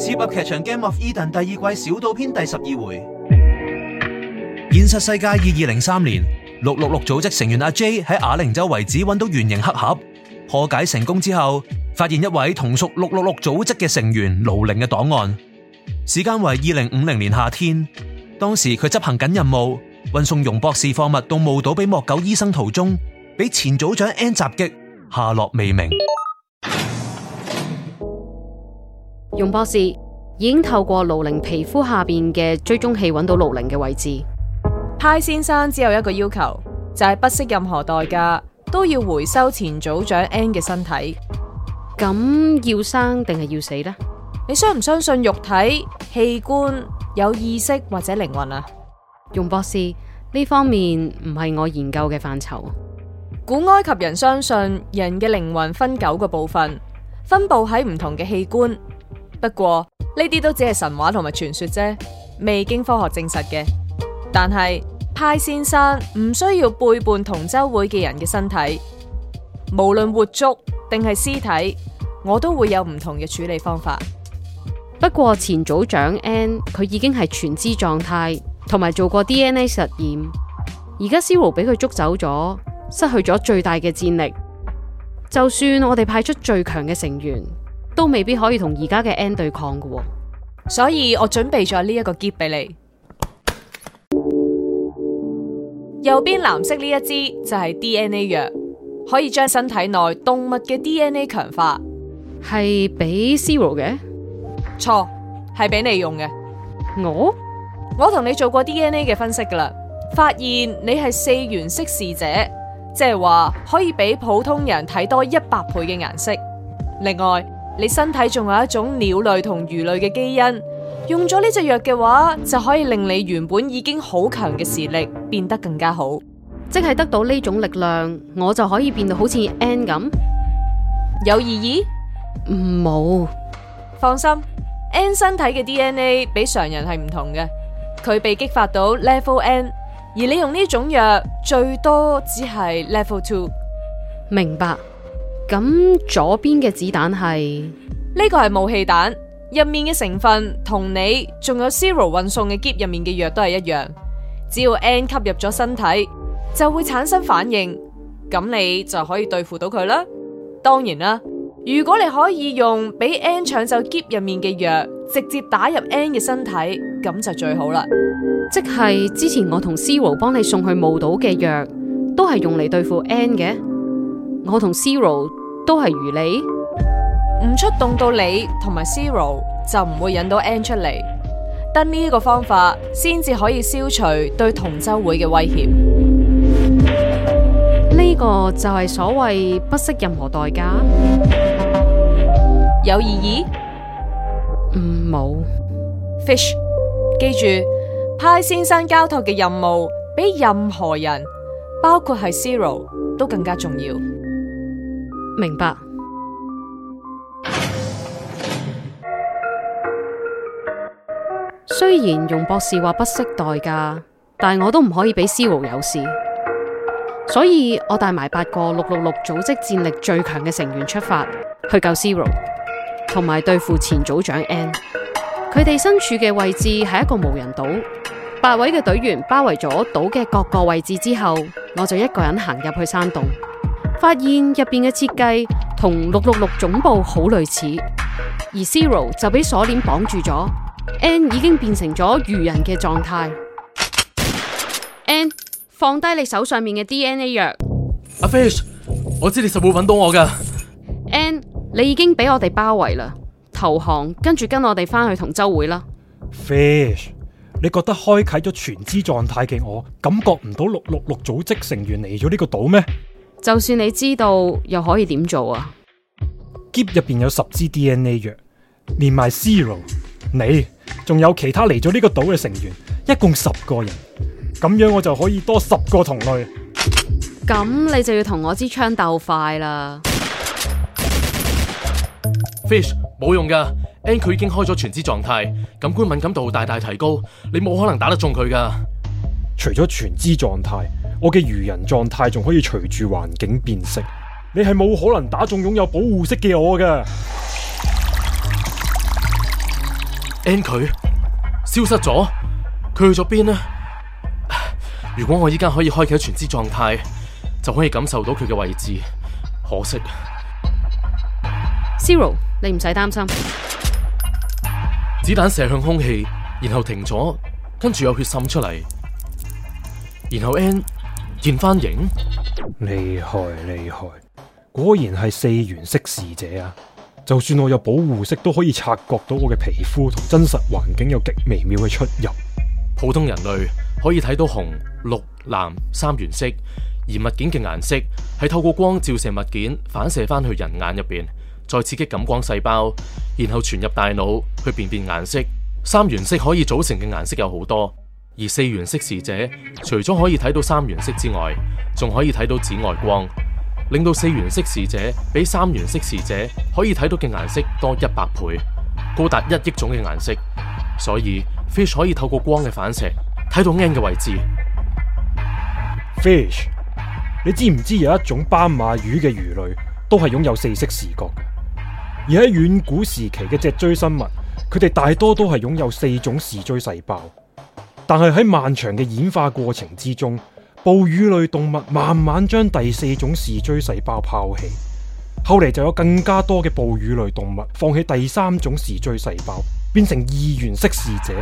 Zip 噏劇場《Game of Eden》第二季小島篇第十二回。現實世界二二零三年六六六組織成員阿 J 喺啞鈴洲遺址揾到圓形黑盒，破解成功之後，發現一位同屬六六六組織嘅成員盧零嘅檔案。時間為二零五零年夏天，當時佢執行緊任務，運送容博士貨物到墓島俾莫九醫生途中，俾前組長 N 襲擊，下落未明。容博士，已經透過盧零皮膚下邊嘅追蹤器揾到盧零嘅位置。π 先生只有一個要求，就係不惜任何代價都要回收前組長 N 嘅身體。咁要生定係要死呢？你相唔相信肉體器官有意識或者靈魂啊？容博士，呢方面唔係我研究嘅範疇。古埃及人相信人嘅靈魂分九個部分，分布喺唔同嘅器官。不過呢啲都只係神話同埋傳說啫，未經科學證實嘅。但係派先生唔需要背叛同舟會嘅人嘅身體，無論活捉定係屍體，我都會有唔同嘅處理方法。不過前組長 N 佢已經係全知狀態，同埋做過 DNA 實驗，而家 C 羅俾佢捉走咗，失去咗最大嘅戰力，就算我哋派出最強嘅成員，都未必可以同而家嘅 N 對抗嘅。哦，所以我準備咗呢一個喼俾你。右邊藍色呢一支就係 D N A 藥，可以將身體內動物嘅 D N A 強化。係俾 Zero 嘅？錯，係俾你用嘅我。我我同你做過 D N A 嘅分析噶啦，發現你係四原色視者，即係話可以比普通人睇多一百倍嘅顏色。另外。你身體仲有一種鳥類同魚類嘅基因，用咗呢隻藥嘅話，就可以令你原本已經好強嘅視力變得更加好，即係得到呢種力量，我就可以變到好似 N 咁，有異議？唔冇。放心，N 身體嘅 DNA 比常人係唔同嘅，佢被激發到 Level N，而你用呢種藥最多只係 Level Two。明白。咁左邊嘅子彈係呢？個係霧氣彈，入面嘅成分同你仲有 Zero 運送嘅喼入面嘅藥都係一樣。只要 N 吸入咗身體就會產生反應，咁你就可以對付到佢啦。當然啦，如果你可以用俾 N 搶走喼入面嘅藥，直接打入 N 嘅身體，咁就最好啦。即係之前我同 Zero 幫你送去墓島嘅藥，都係用嚟對付 N 嘅。我同 Zero。都係魚餌，唔出動到你同埋 Zero 就唔會引到 N 出嚟，得呢個方法先至可以消除對同舟會嘅威脅。呢個就係所謂不惜任何代價，有異議？唔冇、嗯。Fish，記住，派先生交託嘅任務比任何人，包括係 Zero 都更加重要。明白。雖然容博士話不惜代價，但係我都唔可以俾 Zero 有事，所以我帶埋八個六六六組織戰力最強嘅成員出發去救 Zero，同埋對付前組長 N。佢哋身處嘅位置係一個無人島，八位嘅隊員包圍咗島嘅各個位置之後，我就一個人行入去山洞。發現入邊嘅設計同六六六總部好類似，而 Zero 就俾鎖鏈綁住咗，N 已經變成咗魚人嘅狀態。N，放低你手上面嘅 DNA 藥。阿 Fish，我知你實會揾到我噶。N，你已經俾我哋包圍啦，投降，跟住跟我哋翻去同舟會啦。Fish，你覺得開啟咗全知狀態嘅我，感覺唔到六六六組織成員嚟咗呢個島咩？就算你知道，又可以點做啊？喼入面有十支 DNA 藥，連埋 Zero，你，仲有其他嚟咗呢個島嘅成員，一共十個人，咁樣我就可以多十個同類。咁你就要同我支槍鬥快啦。Fish，冇用噶，N 佢已經開咗全知狀態，感官敏感度大大提高，你冇可能打得中佢噶。除咗全知狀態。我嘅魚人狀態仲可以隨住環境變色。你係冇可能打中擁有保護色嘅我㗎。N 佢！消失咗！佢去咗邊呢？唉，如果我依家可以開啟全知狀態，就可以感受到佢嘅位置。可惜。Zero，你唔使擔心。子彈射向空氣，然後停咗，跟住有血滲出嚟，然後 N。現返形？厲害厲害，果然係四原色視者啊！就算我有保護色，都可以察覺到我嘅皮膚同真實環境有極微妙嘅出入。普通人類可以睇到紅、綠、藍三原色，而物件嘅顏色係透過光照射物件，反射翻去人眼入邊，再刺激感光細胞，然後傳入大腦去辨別顏色。三原色可以組成嘅顏色有好多。而四原色視者，除咗可以睇到三原色之外，仲可以睇到紫外光，令到四原色視者比三原色視者可以睇到嘅顏色多一百倍，高達一億種嘅顏色。所以 Fish 可以透過光嘅反射睇到 N 嘅位置。Fish，你知唔知有一種斑馬魚嘅魚類都係擁有四色視覺嘅？而喺遠古時期嘅脊椎生物，佢哋大多都係擁有四種視錐細胞。但係喺漫長嘅演化過程之中，哺乳類動物慢慢將第四種視錐細胞拋棄，後嚟就有更加多嘅哺乳類動物放棄第三種視錐細胞，變成二原色視者。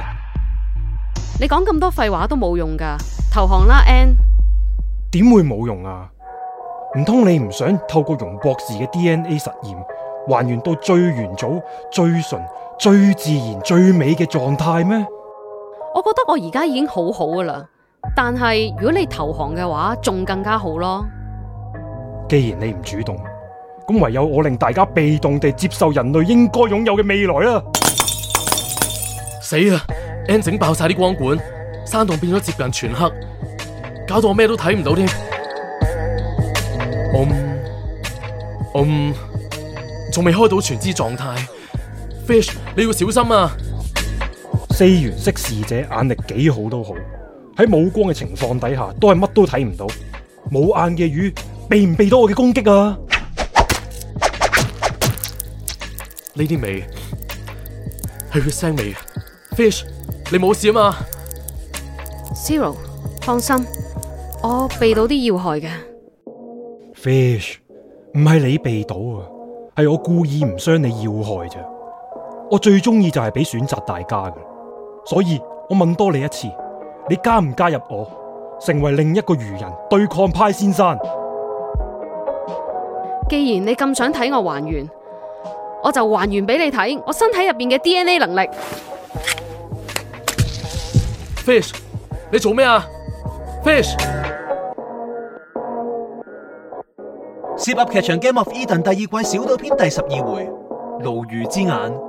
你講咁多廢話都冇用噶，投降啦，N。點會冇用啊？唔通你唔想透過容博士嘅 DNA 實驗，還原到最原祖、最純、最自然、最美嘅狀態咩？我覺得我而家已經好好噶啦，但係如果你投降嘅話，仲更加好咯。既然你唔主動，咁唯有我令大家被動地接受人類應該擁有嘅未來啊！ 死啊！N 整爆晒啲光管，山洞變咗接近全黑，搞到我咩都睇唔到添。嗯嗯，仲未開到全知狀態，Fish，你要小心啊！四原色視者眼力幾好都好，喺冇光嘅情況底下都係乜都睇唔到。冇眼嘅魚避唔避到我嘅攻擊啊？呢啲味係血腥味啊！Fish，你冇事啊嘛？Zero，放心，我避到啲要害嘅。Fish，唔係你避到啊，係我故意唔傷你要害啫。我最中意就係俾選擇大家嘅。所以我問多你一次，你加唔加入我，成為另一個魚人對抗 π 先生？既然你咁想睇我還原，我就還原俾你睇我身體入邊嘅 DNA 能力。Fish，你做咩啊？Fish，Zip 噏劇場 Game of Eden 第二季小島篇第十二回，盧如之眼。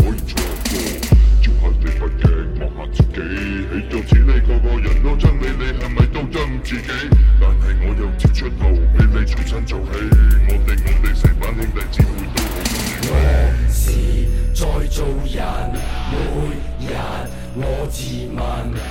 個個人都憎你，你係咪都憎自己？但係我又接出頭，俾你重新做起。我哋我哋成班兄弟姊妹都好中意。我是在做人？每日我自問。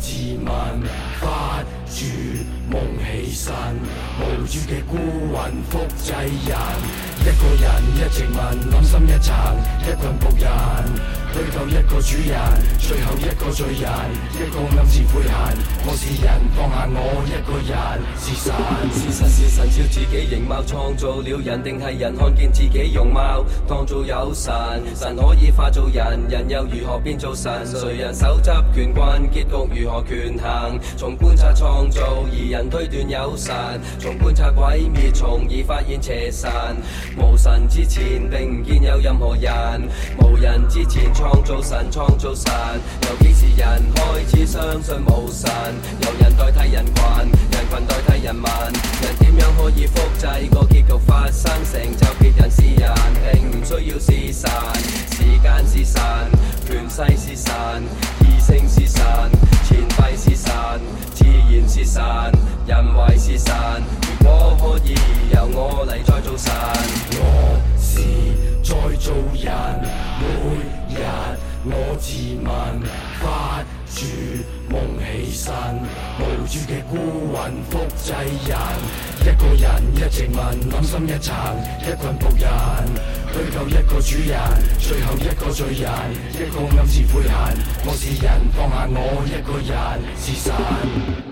自問，發住夢起身，無主嘅孤魂複製人，一個人一直問，諗深一層，一群僕人。追究一個主人，最後一個罪人，一個暗自悔恨。我是人，放下我一個人，是神。是神是神，照自己形貌創造了人，定係人看見自己容貌當做有神。神可以化做人，人又如何變做神？誰人手執權棍，結局如何權衡？從觀察創造而人推斷有神，從觀察毀滅從而發現邪神。無神之前並唔見有任何人，無人之前。創造神，創造神。由幾時人開始相信無神？由人代替人群，人群代替人民。人點樣可以複製個結局發生？成就別人是人，並唔需要是神。時間是神，權勢是神，異性是神，錢幣是神，自然是神，人為是神。如果可以，由我嚟再做神，我是再做人。每我自問，發住夢起身，無主嘅孤魂複製人，一個人一直問，冷心一殘，一群僕人，對救一個主人，最後一個罪人，一個暗自悔恨，我是人，放下我一個人自神。